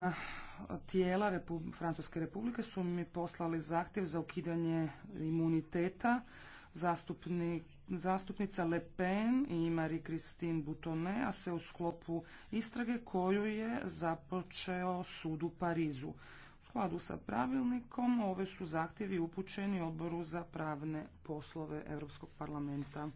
Ah, tijela Francuske republike su mi poslali zahtjev za ukidanje imuniteta zastupnica Le Pen i Marie Christine Boutonnet, a se u sklopu istrage koju je započeo sud u Parizu. U skladu sa pravilnikom ove su zahtjevi upućeni odboru za pravne poslove Europskog parlamenta.